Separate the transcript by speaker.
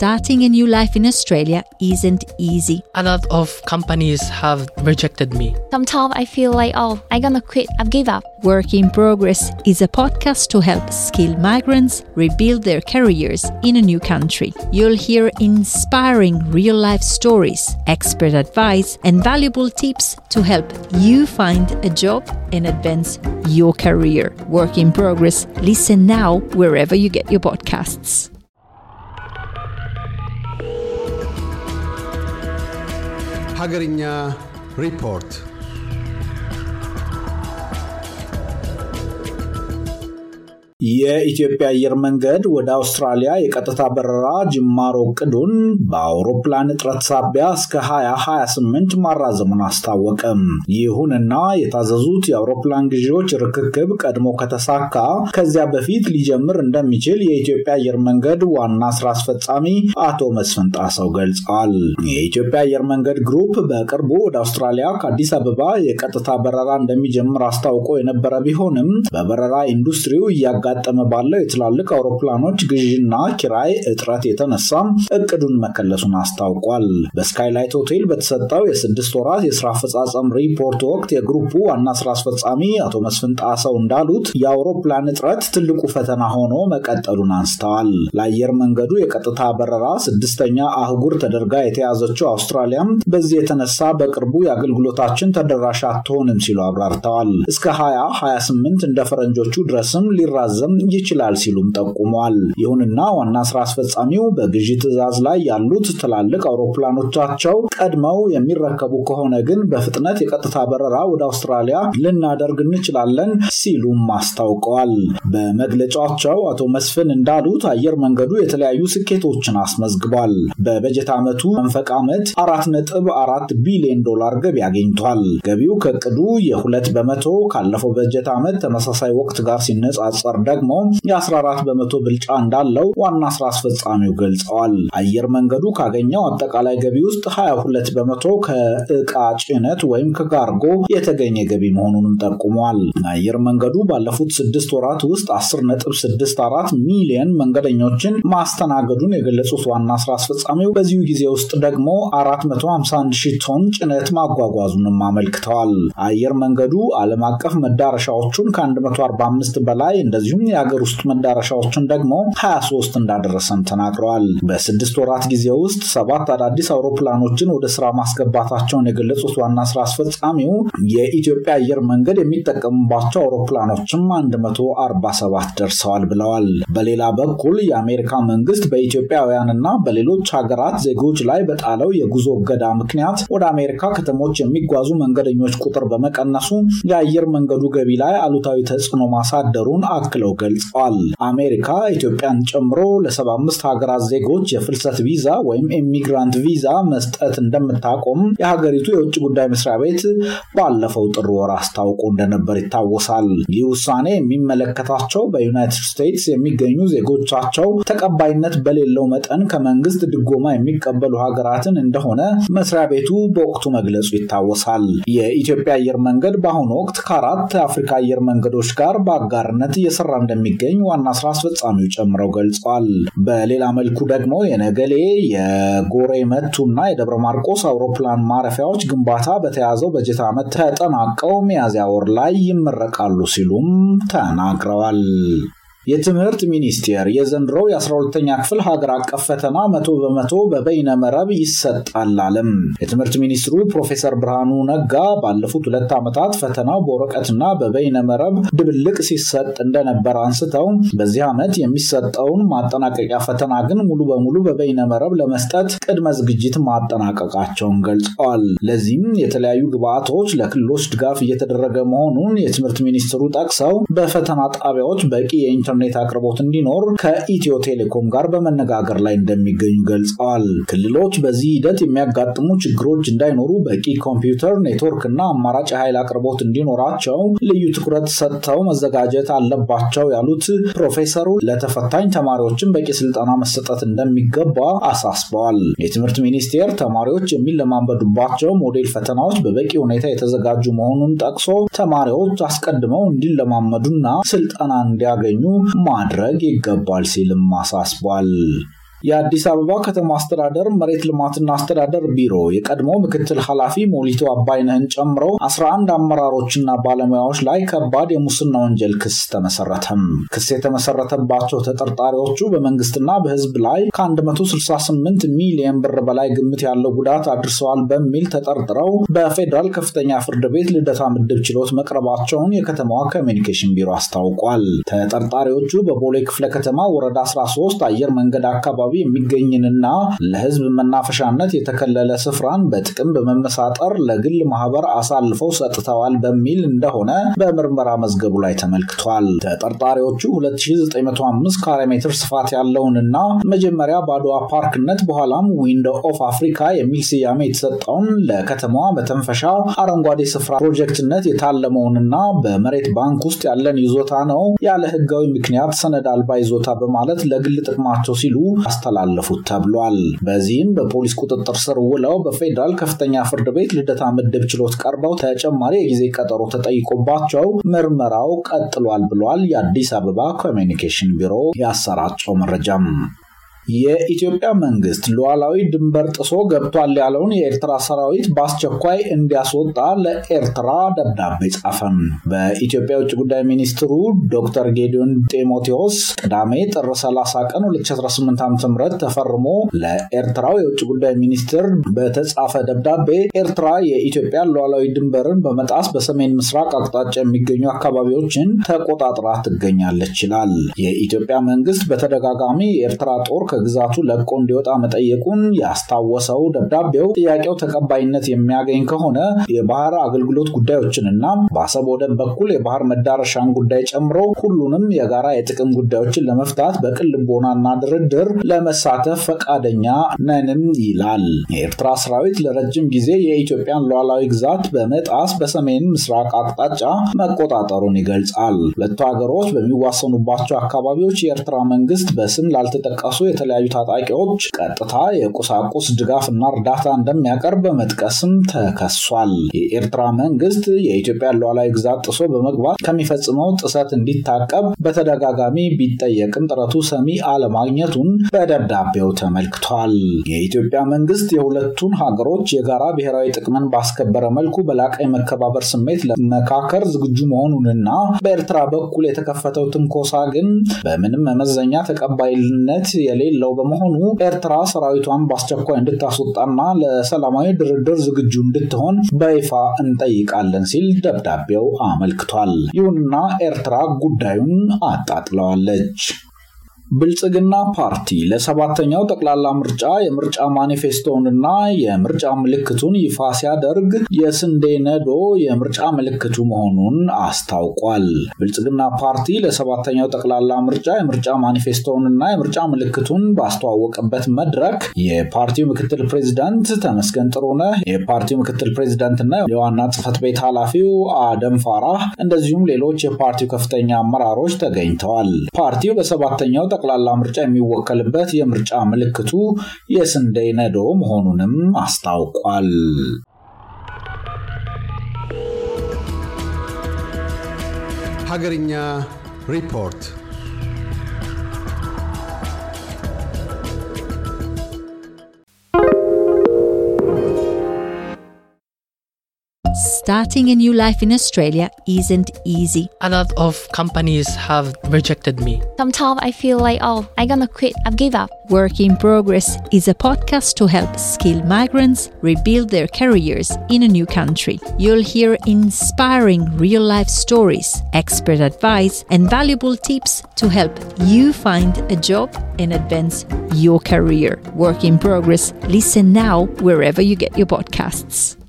Speaker 1: starting a new life in Australia isn't easy. A lot of companies have rejected me. Sometimes I feel like, oh, I'm gonna quit, I've give up. Work in Progress is a podcast to help skilled migrants rebuild their careers in a new country. You'll hear inspiring real life stories, expert advice, and valuable tips to help you find a job and advance your career. Work in Progress, listen now wherever you get your podcasts. ሀገርኛ ሪፖርት የኢትዮጵያ አየር መንገድ ወደ አውስትራሊያ የቀጥታ በረራ ጅማሮ እቅዱን በአውሮፕላን እጥረት ሳቢያ እስከ 2028 ማራዘሙን አስታወቀም። ይሁንና የታዘዙት የአውሮፕላን ግዢዎች ርክክብ ቀድሞ ከተሳካ ከዚያ በፊት ሊጀምር እንደሚችል የኢትዮጵያ አየር መንገድ ዋና ስራ አስፈጻሚ አቶ መስፍን ጣሰው ገልጸዋል። የኢትዮጵያ አየር መንገድ ግሩፕ በቅርቡ ወደ አውስትራሊያ ከአዲስ አበባ የቀጥታ በረራ እንደሚጀምር አስታውቆ የነበረ ቢሆንም በበረራ ኢንዱስትሪው እያጋ እያጋጠመ ባለው የትላልቅ አውሮፕላኖች ግዥና ኪራይ እጥረት የተነሳም እቅዱን መከለሱን አስታውቋል። በስካይላይት ሆቴል በተሰጠው የስድስት ወራት የስራ አፈጻጸም ሪፖርት ወቅት የግሩፑ ዋና ስራ አስፈጻሚ አቶ መስፍን ጣሰው እንዳሉት የአውሮፕላን እጥረት ትልቁ ፈተና ሆኖ መቀጠሉን አንስተዋል። ለአየር መንገዱ የቀጥታ በረራ ስድስተኛ አህጉር ተደርጋ የተያዘችው አውስትራሊያም በዚህ የተነሳ በቅርቡ የአገልግሎታችን ተደራሽ አትሆንም ሲሉ አብራርተዋል። እስከ 2028 እንደ ፈረንጆቹ ድረስም ሊራዘ መራዘም ይችላል ሲሉም ጠቁመዋል። ይሁንና ዋና ስራ አስፈጻሚው በግዢ ትዕዛዝ ላይ ያሉት ትላልቅ አውሮፕላኖቻቸው ቀድመው የሚረከቡ ከሆነ ግን በፍጥነት የቀጥታ በረራ ወደ አውስትራሊያ ልናደርግ እንችላለን ሲሉም አስታውቀዋል። በመግለጫቸው አቶ መስፍን እንዳሉት አየር መንገዱ የተለያዩ ስኬቶችን አስመዝግቧል። በበጀት ዓመቱ መንፈቅ ዓመት አራት ነጥብ አራት ቢሊዮን ዶላር ገቢ አግኝቷል። ገቢው ከቅዱ የሁለት በመቶ ካለፈው በጀት ዓመት ተመሳሳይ ወቅት ጋር ሲነጻጸር ደግሞ የ14 በመቶ ብልጫ እንዳለው ዋና ስራ አስፈጻሚው ገልጸዋል። አየር መንገዱ ካገኘው አጠቃላይ ገቢ ውስጥ 22 በመቶ ከእቃ ጭነት ወይም ከጋርጎ የተገኘ ገቢ መሆኑንም ጠቁሟል። አየር መንገዱ ባለፉት ስድስት ወራት ውስጥ 10.64 ሚሊዮን መንገደኞችን ማስተናገዱን የገለጹት ዋና ስራ አስፈጻሚው በዚሁ ጊዜ ውስጥ ደግሞ 451 ሺህ ቶን ጭነት ማጓጓዙንም አመልክተዋል። አየር መንገዱ ዓለም አቀፍ መዳረሻዎቹን ከ145 በላይ እንደዚሁም የአገር ውስጥ መዳረሻዎችን ደግሞ 23 እንዳደረሰም ተናግረዋል። በስድስት ወራት ጊዜ ውስጥ ሰባት አዳዲስ አውሮፕላኖችን ወደ ስራ ማስገባታቸውን የገለጹት ዋና ስራ አስፈጻሚው የኢትዮጵያ አየር መንገድ የሚጠቀሙባቸው አውሮፕላኖችም 147 ደርሰዋል ብለዋል። በሌላ በኩል የአሜሪካ መንግስት በኢትዮጵያውያንና በሌሎች ሀገራት ዜጎች ላይ በጣለው የጉዞ እገዳ ምክንያት ወደ አሜሪካ ከተሞች የሚጓዙ መንገደኞች ቁጥር በመቀነሱ የአየር መንገዱ ገቢ ላይ አሉታዊ ተጽዕኖ ማሳደሩን አክለው ጨምረው ገልጸዋል። አሜሪካ ኢትዮጵያን ጨምሮ ለ75 ሀገራት ዜጎች የፍልሰት ቪዛ ወይም ኢሚግራንት ቪዛ መስጠት እንደምታቆም የሀገሪቱ የውጭ ጉዳይ መስሪያ ቤት ባለፈው ጥር ወር አስታውቆ እንደነበር ይታወሳል። ይህ ውሳኔ የሚመለከታቸው በዩናይትድ ስቴትስ የሚገኙ ዜጎቻቸው ተቀባይነት በሌለው መጠን ከመንግስት ድጎማ የሚቀበሉ ሀገራትን እንደሆነ መስሪያ ቤቱ በወቅቱ መግለጹ ይታወሳል። የኢትዮጵያ አየር መንገድ በአሁኑ ወቅት ከአራት አፍሪካ አየር መንገዶች ጋር በአጋርነት እየሰራ እንደሚገኝ ዋና ስራ አስፈጻሚው ጨምረው ገልጿል። በሌላ መልኩ ደግሞ የነገሌ የጎሬ መቱና የደብረ ማርቆስ አውሮፕላን ማረፊያዎች ግንባታ በተያዘው በጀት ዓመት ተጠናቀው ሚያዝያ ወር ላይ ይመረቃሉ ሲሉም ተናግረዋል። የትምህርት ሚኒስቴር የዘንድሮው የ12ተኛ ክፍል ሀገር አቀፍ ፈተና መቶ በመቶ በበይነ መረብ ይሰጣል አለም። የትምህርት ሚኒስትሩ ፕሮፌሰር ብርሃኑ ነጋ ባለፉት ሁለት ዓመታት ፈተናው በወረቀትና በበይነ መረብ ድብልቅ ሲሰጥ እንደነበር አንስተው በዚህ ዓመት የሚሰጠውን ማጠናቀቂያ ፈተና ግን ሙሉ በሙሉ በበይነ መረብ ለመስጠት ቅድመ ዝግጅት ማጠናቀቃቸውን ገልጸዋል። ለዚህም የተለያዩ ግብዓቶች ለክልሎች ድጋፍ እየተደረገ መሆኑን የትምህርት ሚኒስትሩ ጠቅሰው በፈተና ጣቢያዎች በቂ የኢንተርኔት የኢንተርኔት አቅርቦት እንዲኖር ከኢትዮ ቴሌኮም ጋር በመነጋገር ላይ እንደሚገኙ ገልጸዋል። ክልሎች በዚህ ሂደት የሚያጋጥሙ ችግሮች እንዳይኖሩ በቂ ኮምፒውተር፣ ኔትወርክ እና አማራጭ የኃይል አቅርቦት እንዲኖራቸው ልዩ ትኩረት ሰጥተው መዘጋጀት አለባቸው ያሉት ፕሮፌሰሩ ለተፈታኝ ተማሪዎችን በቂ ስልጠና መሰጠት እንደሚገባ አሳስበዋል። የትምህርት ሚኒስቴር ተማሪዎች የሚለማመዱባቸው ሞዴል ፈተናዎች በበቂ ሁኔታ የተዘጋጁ መሆኑን ጠቅሶ ተማሪዎች አስቀድመው እንዲለማመዱና ስልጠና እንዲያገኙ ማድረግ ይገባል ሲልም አሳስቧል። የአዲስ አበባ ከተማ አስተዳደር መሬት ልማትና አስተዳደር ቢሮ የቀድሞ ምክትል ኃላፊ ሞሊቶ አባይነህን ጨምሮ 11 አመራሮችና ባለሙያዎች ላይ ከባድ የሙስና ወንጀል ክስ ተመሰረተም። ክስ የተመሰረተባቸው ተጠርጣሪዎቹ በመንግስትና በህዝብ ላይ ከ168 ሚሊየን ብር በላይ ግምት ያለው ጉዳት አድርሰዋል በሚል ተጠርጥረው በፌዴራል ከፍተኛ ፍርድ ቤት ልደታ ምድብ ችሎት መቅረባቸውን የከተማዋ ኮሚኒኬሽን ቢሮ አስታውቋል። ተጠርጣሪዎቹ በቦሌ ክፍለ ከተማ ወረዳ 13 አየር መንገድ አካባቢ አካባቢ የሚገኝንና ለህዝብ መናፈሻነት የተከለለ ስፍራን በጥቅም በመመሳጠር ለግል ማህበር አሳልፈው ሰጥተዋል በሚል እንደሆነ በምርመራ መዝገቡ ላይ ተመልክቷል። ተጠርጣሪዎቹ 2905 ካሬ ሜትር ስፋት ያለውንና መጀመሪያ ባድዋ ፓርክነት በኋላም ዊንዶ ኦፍ አፍሪካ የሚል ስያሜ የተሰጠውን ለከተማዋ መተንፈሻ አረንጓዴ ስፍራ ፕሮጀክትነት የታለመውንና በመሬት ባንክ ውስጥ ያለን ይዞታ ነው ያለ ህጋዊ ምክንያት ሰነድ አልባ ይዞታ በማለት ለግል ጥቅማቸው ሲሉ አስተላለፉት ተብሏል። በዚህም በፖሊስ ቁጥጥር ስር ውለው በፌዴራል ከፍተኛ ፍርድ ቤት ልደታ ምድብ ችሎት ቀርበው ተጨማሪ የጊዜ ቀጠሮ ተጠይቆባቸው ምርመራው ቀጥሏል ብሏል። የአዲስ አበባ ኮሚኒኬሽን ቢሮ ያሰራጨው መረጃም የኢትዮጵያ መንግስት ሉዓላዊ ድንበር ጥሶ ገብቷል ያለውን የኤርትራ ሰራዊት በአስቸኳይ እንዲያስወጣ ለኤርትራ ደብዳቤ ጻፈም። በኢትዮጵያ የውጭ ጉዳይ ሚኒስትሩ ዶክተር ጌዲዮን ጢሞቴዎስ ቅዳሜ ጥር 30 ቀን 2018 ዓ.ም ተፈርሞ ለኤርትራው የውጭ ጉዳይ ሚኒስትር በተጻፈ ደብዳቤ ኤርትራ የኢትዮጵያ ሉዓላዊ ድንበርን በመጣስ በሰሜን ምስራቅ አቅጣጫ የሚገኙ አካባቢዎችን ተቆጣጥራ ትገኛለች ይላል። የኢትዮጵያ መንግስት በተደጋጋሚ የኤርትራ ጦር ከግዛቱ ለቆ እንዲወጣ መጠየቁን ያስታወሰው ደብዳቤው ጥያቄው ተቀባይነት የሚያገኝ ከሆነ የባህር አገልግሎት ጉዳዮችንና በአሰብ ወደብ በኩል የባህር መዳረሻን ጉዳይ ጨምሮ ሁሉንም የጋራ የጥቅም ጉዳዮችን ለመፍታት በቅን ልቦናና ድርድር ለመሳተፍ ፈቃደኛ ነንም ይላል። የኤርትራ ሰራዊት ለረጅም ጊዜ የኢትዮጵያን ሉዓላዊ ግዛት በመጣስ በሰሜን ምስራቅ አቅጣጫ መቆጣጠሩን ይገልጻል። ሁለቱ ሀገሮች በሚዋሰኑባቸው አካባቢዎች የኤርትራ መንግስት በስም ላልተጠቀሱ የተለያዩ ታጣቂዎች ቀጥታ የቁሳቁስ ድጋፍና እርዳታ እንደሚያቀርብ በመጥቀስም ተከሷል። የኤርትራ መንግስት የኢትዮጵያ ሉዓላዊ ግዛት ጥሶ በመግባት ከሚፈጽመው ጥሰት እንዲታቀብ በተደጋጋሚ ቢጠየቅም ጥረቱ ሰሚ አለማግኘቱን በደብዳቤው ተመልክቷል። የኢትዮጵያ መንግስት የሁለቱን ሀገሮች የጋራ ብሔራዊ ጥቅምን ባስከበረ መልኩ በላቀ የመከባበር ስሜት ለመካከር ዝግጁ መሆኑንና በኤርትራ በኩል የተከፈተው ትንኮሳ ግን በምንም መመዘኛ ተቀባይነት የሌ የሌለው በመሆኑ ኤርትራ ሰራዊቷን በአስቸኳይ እንድታስወጣና ለሰላማዊ ድርድር ዝግጁ እንድትሆን በይፋ እንጠይቃለን ሲል ደብዳቤው አመልክቷል። ይሁንና ኤርትራ ጉዳዩን አጣጥለዋለች። ብልጽግና ፓርቲ ለሰባተኛው ጠቅላላ ምርጫ የምርጫ ማኒፌስቶውንና የምርጫ ምልክቱን ይፋ ሲያደርግ የስንዴ ነዶ የምርጫ ምልክቱ መሆኑን አስታውቋል። ብልጽግና ፓርቲ ለሰባተኛው ጠቅላላ ምርጫ የምርጫ ማኒፌስቶውንና የምርጫ ምልክቱን ባስተዋወቀበት መድረክ የፓርቲው ምክትል ፕሬዚዳንት ተመስገን ጥሩነህ፣ የፓርቲው ምክትል ፕሬዚዳንትና የዋና ጽህፈት ቤት ኃላፊው አደም ፋራህ እንደዚሁም ሌሎች የፓርቲው ከፍተኛ አመራሮች ተገኝተዋል። ፓርቲው በሰባተኛው ጠቅላላ ምርጫ የሚወከልበት የምርጫ ምልክቱ የስንዴ ነዶ መሆኑንም አስታውቋል። ሀገርኛ ሪፖርት starting a new life in Australia isn't easy. A lot of companies have rejected me. Sometimes I feel like, oh, I'm gonna quit, I've give up. Work in Progress is a podcast to help skilled migrants rebuild their careers in a new country. You'll hear inspiring real life stories, expert advice, and valuable tips to help you find a job and advance your career. Work in Progress. Listen now wherever you get your podcasts.